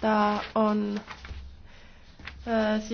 ta on äh, siis